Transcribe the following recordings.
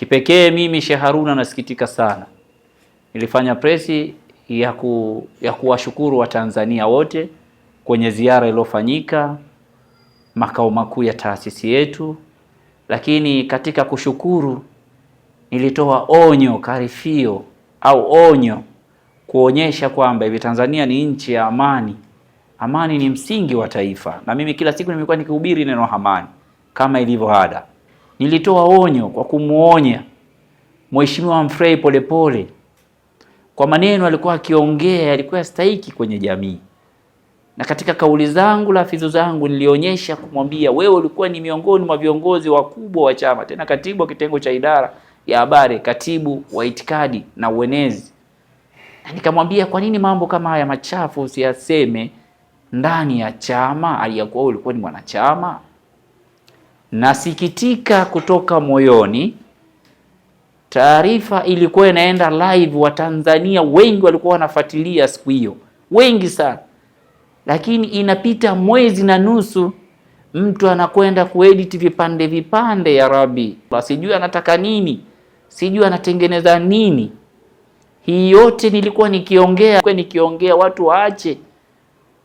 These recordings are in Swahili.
Kipekee mimi Sheikh Haruna nasikitika sana, nilifanya presi ya, ku, ya kuwashukuru Watanzania wote kwenye ziara iliyofanyika makao makuu ya taasisi yetu, lakini katika kushukuru nilitoa onyo karifio au onyo kuonyesha kwamba hivi Tanzania ni nchi ya amani. Amani ni msingi wa taifa, na mimi kila siku nimekuwa nikihubiri neno amani kama ilivyo ada. Nilitoa onyo kwa kumwonya Mheshimiwa mfrei Polepole kwa maneno alikuwa akiongea yalikuwa yastahiki kwenye jamii, na katika kauli zangu lafidhu zangu nilionyesha kumwambia, wewe ulikuwa ni miongoni mwa viongozi wakubwa wa chama, tena katibu wa kitengo cha idara ya habari, katibu wa itikadi na uenezi, na nikamwambia, kwa nini mambo kama haya machafu usiyaseme ndani ya chama aliyakuwa ulikuwa ni mwanachama? nasikitika kutoka moyoni. Taarifa ilikuwa inaenda live, Watanzania wengi walikuwa wanafuatilia siku hiyo, wengi sana, lakini inapita mwezi na nusu, mtu anakwenda kuedit vipande vipande, ya Rabi, sijui anataka nini, sijui anatengeneza nini. Hii yote nilikuwa nikiongea nikiongea watu waache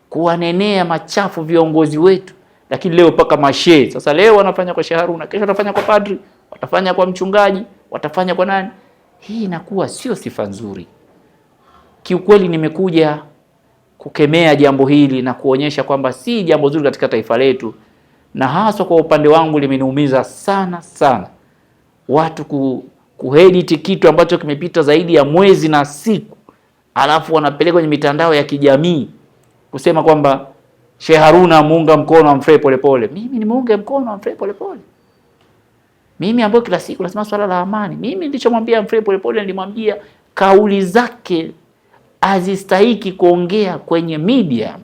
kuwanenea machafu viongozi wetu lakini leo paka mashe sasa. Leo wanafanya kwa Sheikh Haruna, kesho watafanya kwa padri, watafanya kwa mchungaji, watafanya kwa nani. Hii inakuwa sio sifa nzuri kiukweli. Nimekuja kukemea jambo hili na kuonyesha kwamba si jambo zuri katika taifa letu, na haswa kwa upande wangu limeniumiza sana sana watu ku, kuhediti kitu ambacho kimepita zaidi ya mwezi na siku, alafu wanapeleka kwenye mitandao ya kijamii kusema kwamba Sheikh Haruna muunga mkono Humphrey Polepole, mimi nimeunga mkono Humphrey Polepole, mimi ambayo kila siku nasema swala la amani. Mimi nilichomwambia Humphrey Polepole, nilimwambia kauli zake azistahiki kuongea kwenye media,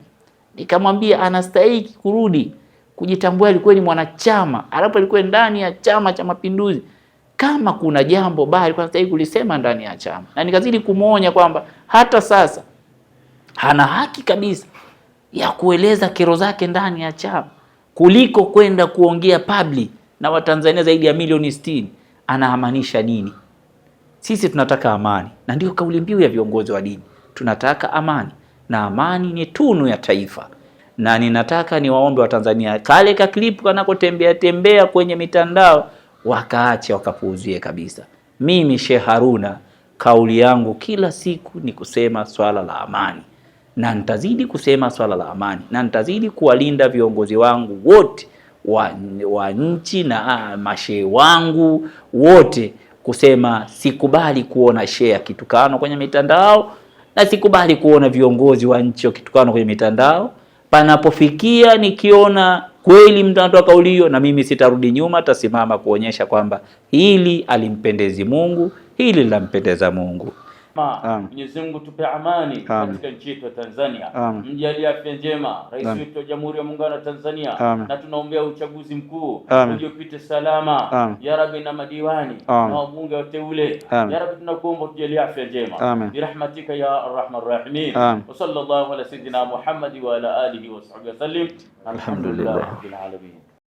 nikamwambia anastahiki kurudi kujitambua. Alikuwa ni mwanachama, alafu alikuwa ndani ya Chama cha Mapinduzi. Kama kuna jambo baya alikuwa anastahili kulisema ndani ya chama, na nikazidi kumwonya kwamba hata sasa hana haki kabisa ya kueleza kero zake ndani ya chama kuliko kwenda kuongea public na Watanzania zaidi ya milioni sitini. Anaamanisha nini? Sisi tunataka amani, na ndio kauli mbiu ya viongozi wa dini. Tunataka amani, na amani ni tunu ya taifa, na ninataka niwaombe Watanzania kale ka clip kanakotembea tembea kwenye mitandao wakaache wakapuuzie kabisa. Mimi Sheikh Haruna, kauli yangu kila siku ni kusema swala la amani na nitazidi kusema swala la amani na nitazidi kuwalinda viongozi wangu wote wa, wa nchi na mashehe wangu wote kusema sikubali kuona shehe kitukano kwenye mitandao na sikubali kuona viongozi wa nchi wakitukano kwenye mitandao. Panapofikia nikiona kweli mtu anatoa kauli hiyo, na mimi sitarudi nyuma, tasimama kuonyesha kwamba hili alimpendezi Mungu, hili linampendeza Mungu. Mwenyezi Mungu tupe amani katika nchi yetu ya Tanzania, mjalie afya njema rais wetu wa Jamhuri ya Muungano wa Tanzania Amin. na tunaombea uchaguzi mkuu uliopite salama Amin. ya Rabbi, na madiwani Amin. na wabunge wateule ya Rabbi, tunakuomba tujalie afya njema birahmatika ya arhamar rahimin, wa sallallahu ala sayidina Muhammad wa ala alihi wa sahbihi wasallim, alhamdulillah rabbil alamin.